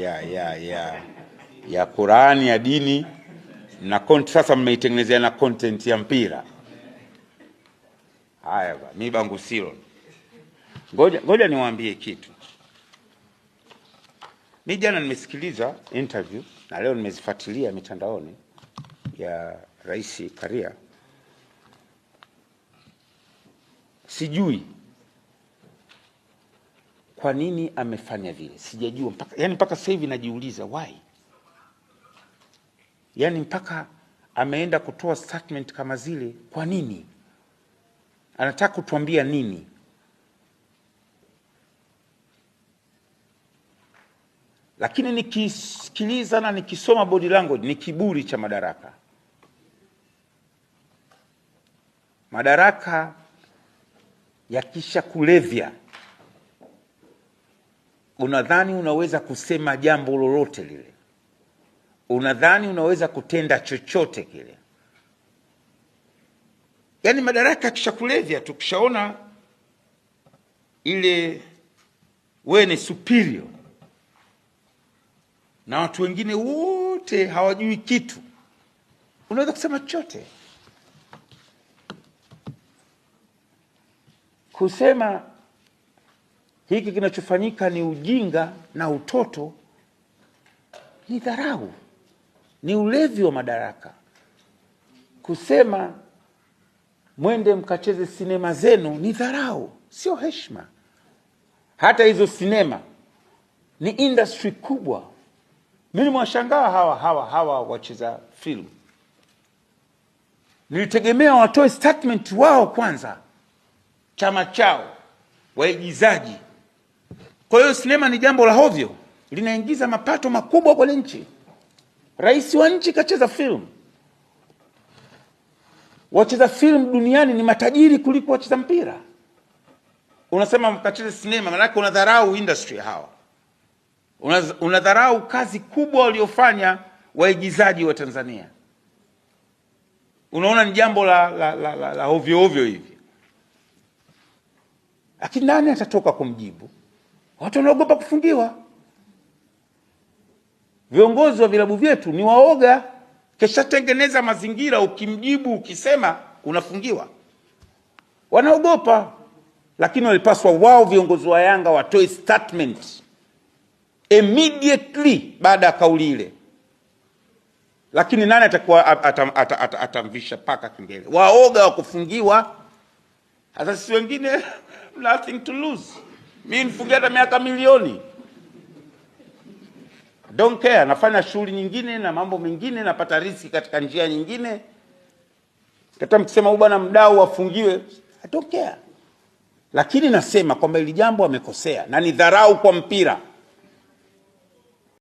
ya, ya, ya, ya Qurani ya dini na content, sasa mmeitengenezea na content ya mpira. Haya ba, mi bangu silo. Ngoja ngoja niwaambie kitu. Mi jana nimesikiliza interview na leo nimezifuatilia mitandaoni ya Rais Karia, sijui kwa nini amefanya vile sijajua mpaka, yani mpaka sasa hivi najiuliza why, yani mpaka ameenda kutoa statement kama zile, kwa nini? Anataka kutuambia nini? Lakini nikisikiliza na nikisoma body language, ni kiburi cha madaraka. Madaraka yakisha kulevya unadhani unaweza kusema jambo lolote lile, unadhani unaweza kutenda chochote kile. Yaani madaraka akishakulevya tu, kishaona ile wewe ni superior na watu wengine wote hawajui kitu, unaweza kusema chochote kusema hiki kinachofanyika ni ujinga na utoto, ni dharau, ni ulevi wa madaraka. Kusema mwende mkacheze sinema zenu ni dharau, sio heshima. Hata hizo sinema ni industry kubwa. Mi nimewashangaa hawa hawa hawa wacheza filmu, nilitegemea watoe statement wao kwanza, chama chao, waigizaji kwa hiyo sinema ni jambo la hovyo, linaingiza mapato makubwa kwenye nchi. Rais wa nchi kacheza filamu. Wacheza filamu duniani ni matajiri kuliko wacheza mpira. Unasema mkacheze sinema, maanake unadharau industry hawa, unadharau kazi kubwa waliofanya waigizaji wa Tanzania. Unaona ni jambo la, la, la, la, la ovyo ovyo hivi, lakini nani atatoka kumjibu? Watu wanaogopa kufungiwa. Viongozi wa vilabu vyetu ni waoga, kishatengeneza mazingira, ukimjibu ukisema unafungiwa, wanaogopa. Lakini walipaswa wao viongozi wa Yanga watoe statement immediately baada ya kauli ile. Lakini nani atakuwa atamvisha ata, ata, ata paka kengele? Waoga wa kufungiwa. Hata sisi wengine nothing to lose mi nifungia hata miaka milioni don't care, nafanya shughuli nyingine na mambo mengine, napata riski katika njia nyingine. Kata mkisema huyu bwana mdau afungiwe, I don't care, lakini nasema kwamba hili jambo amekosea na ni dharau kwa mpira.